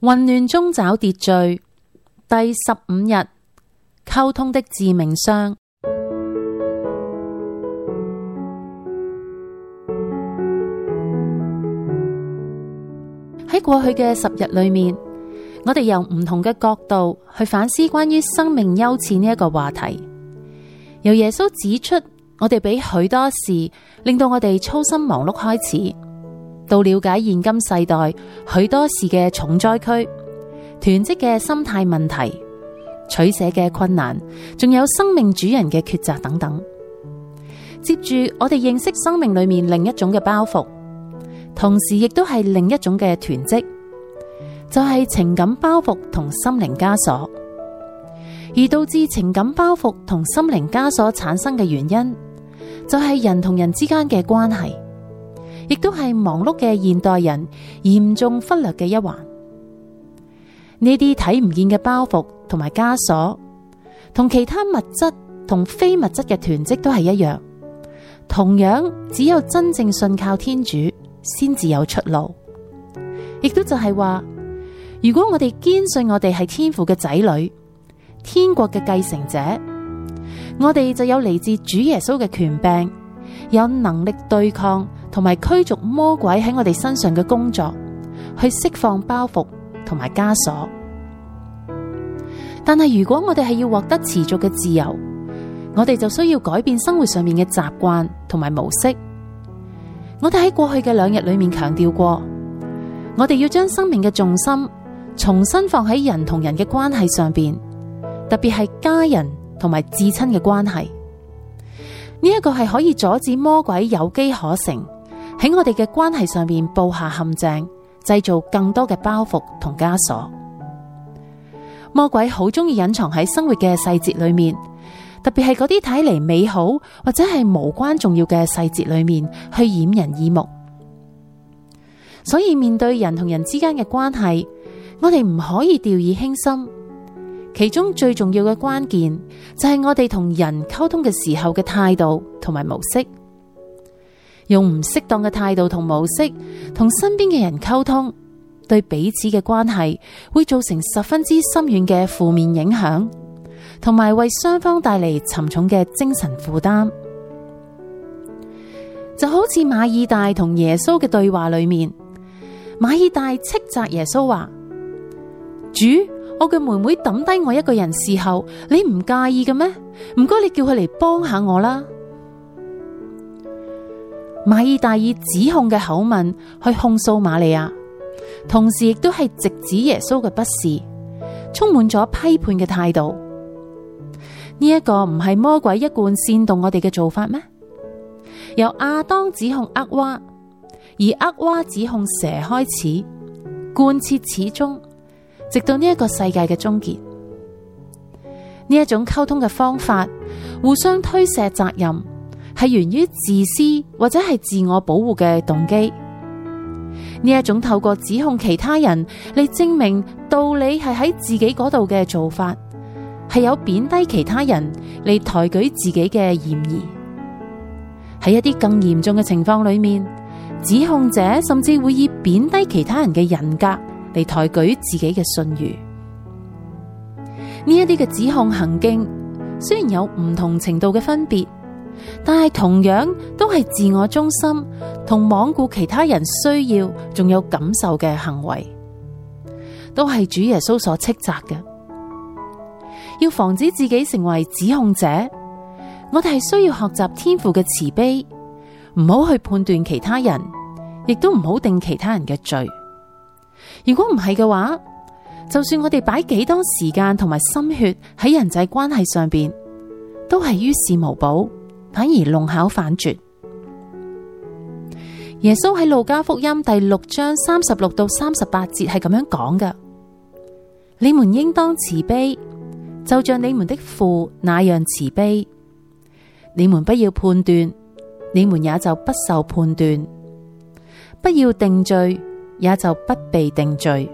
混亂中找秩序，第十五日溝通的致命傷。喺 過去嘅十日裏面，我哋由唔同嘅角度去反思關於生命優次呢一個話題。由耶穌指出，我哋俾許多事令到我哋操心忙碌開始。到了解現今世代許多事嘅重災區、囤積嘅心態問題、取捨嘅困難，仲有生命主人嘅抉擇等等。接住我哋認識生命裏面另一種嘅包袱，同時亦都係另一種嘅囤積，就係、是、情感包袱同心靈枷鎖。而導致情感包袱同心靈枷鎖產生嘅原因，就係、是、人同人之間嘅關係。亦都係忙碌嘅現代人嚴重忽略嘅一環。呢啲睇唔見嘅包袱同埋枷鎖，同其他物質同非物質嘅囤積都係一樣。同樣，只有真正信靠天主，先至有出路。亦都就係話，如果我哋堅信我哋係天父嘅仔女、天國嘅繼承者，我哋就有嚟自主耶穌嘅權柄，有能力對抗。同埋驅逐魔鬼喺我哋身上嘅工作，去釋放包袱同埋枷鎖。但係如果我哋係要獲得持續嘅自由，我哋就需要改變生活上面嘅習慣同埋模式。我哋喺過去嘅兩日裏面強調過，我哋要將生命嘅重心重新放喺人同人嘅關係上邊，特別係家人同埋至親嘅關係。呢、這、一個係可以阻止魔鬼有機可乘。喺我哋嘅關係上面佈下陷阱，製造更多嘅包袱同枷鎖。魔鬼好中意隱藏喺生活嘅細節裏面，特別係嗰啲睇嚟美好或者係無關重要嘅細節裏面去掩人耳目。所以，面對人同人之間嘅關係，我哋唔可以掉以輕心。其中最重要嘅關鍵，就係我哋同人溝通嘅時候嘅態度同埋模式。用唔適當嘅態度同模式同身邊嘅人溝通，對彼此嘅關係會造成十分之深遠嘅負面影響，同埋為雙方帶嚟沉重嘅精神負擔。就好似馬爾大同耶穌嘅對話裏面，馬爾大斥責耶穌話：主，我嘅妹妹抌低我一個人伺候，你唔介意嘅咩？唔該，你叫佢嚟幫下我啦。瑪爾大以指控嘅口吻去控訴瑪利亞，同時亦都係直指耶穌嘅不是，充滿咗批判嘅態度。呢一個唔係魔鬼一貫煽動我哋嘅做法咩？由亞當指控厄娃，而厄娃指控蛇開始，貫徹始終，直到呢一個世界嘅終結。呢一種溝通嘅方法，互相推卸責任。係源於自私或者係自我保護嘅動機，呢一種透過指控其他人嚟證明道理係喺自己嗰度嘅做法，係有貶低其他人嚟抬舉自己嘅嫌疑。喺一啲更嚴重嘅情況裏面，指控者甚至會以貶低其他人嘅人格嚟抬舉自己嘅信譽。呢一啲嘅指控行徑雖然有唔同程度嘅分別。但係同樣都係自我中心同罔顧其他人需要，仲有感受嘅行為，都係主耶穌所斥責嘅。要防止自己成為指控者，我哋係需要學習天父嘅慈悲，唔好去判斷其他人，亦都唔好定其他人嘅罪。如果唔係嘅話，就算我哋擺幾多時間同埋心血喺人際關係上邊，都係於事無補。反而弄巧反拙。耶穌喺路加福音第六章三十六到三十八節係咁樣講嘅：你們應當慈悲，就像你們的父那樣慈悲；你們不要判斷，你們也就不受判斷；不要定罪，也就不被定罪；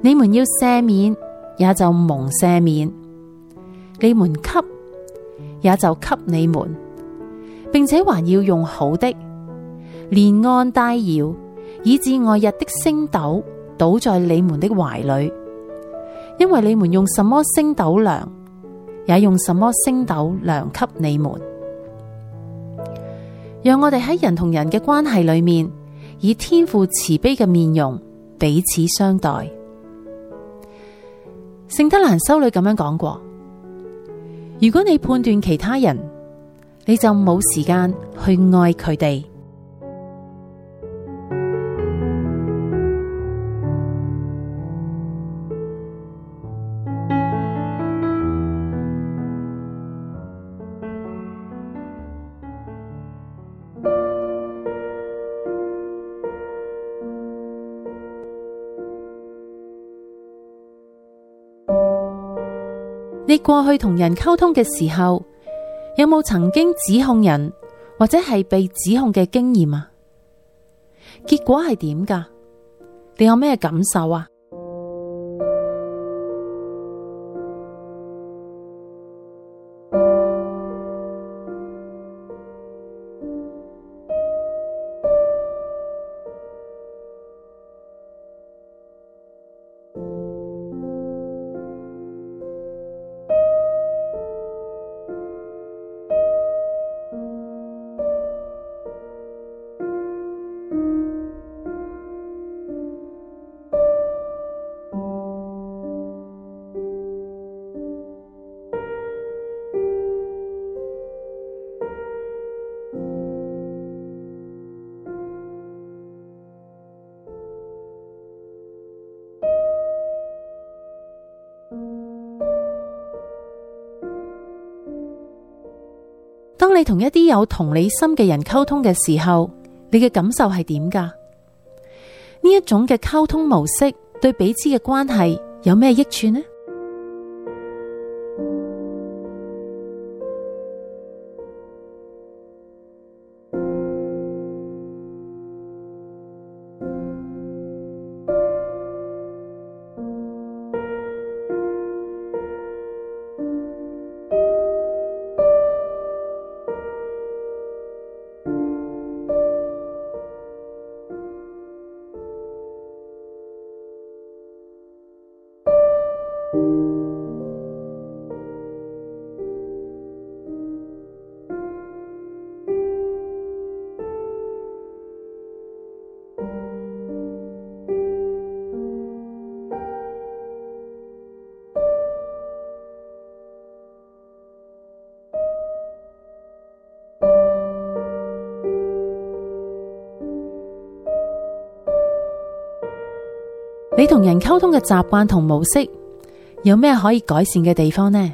你們要赦免，也就蒙赦免；你們給。也就給你們，並且還要用好的，連按帶搖，以致外溢的升斗，倒在你們的懷裏，因為你們用什麼升斗量，也用什麼升斗量給你們。讓我哋喺人同人嘅關係裏面，以天父慈悲嘅面容彼此相待。聖德蘭修女咁樣講過。如果你判斷其他人，你就冇時間去愛佢哋。你過去同人溝通嘅時候，有冇曾經指控人，或者係被指控嘅經驗啊？結果係點㗎？你有咩感受啊？當你同一啲有同理心嘅人溝通嘅時候，你嘅感受係點噶？呢一種嘅溝通模式對彼此嘅關係有咩益處呢？你同人溝通嘅習慣同模式，有咩可以改善嘅地方呢？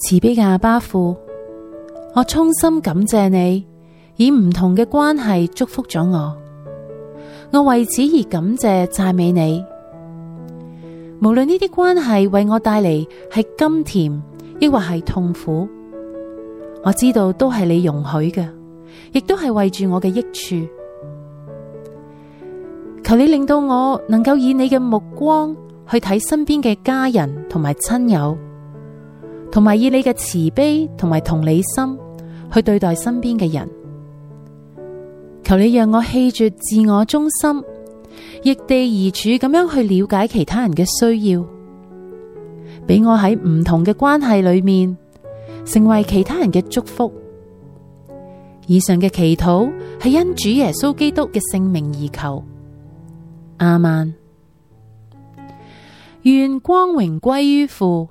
慈悲嘅阿爸父，我衷心感謝你以唔同嘅關係祝福咗我。我為此而感謝讚美你。無論呢啲關係為我帶嚟係甘甜，抑或係痛苦，我知道都係你容許嘅，亦都係為住我嘅益處。求你令到我能夠以你嘅目光去睇身邊嘅家人同埋親友。同埋以你嘅慈悲同埋同理心去對待身邊嘅人，求你讓我棄絕自我中心，易地而處，咁樣去了解其他人嘅需要，俾我喺唔同嘅關係裏面成為其他人嘅祝福。以上嘅祈禱係因主耶穌基督嘅聖名而求，亞孟，願光榮歸於父。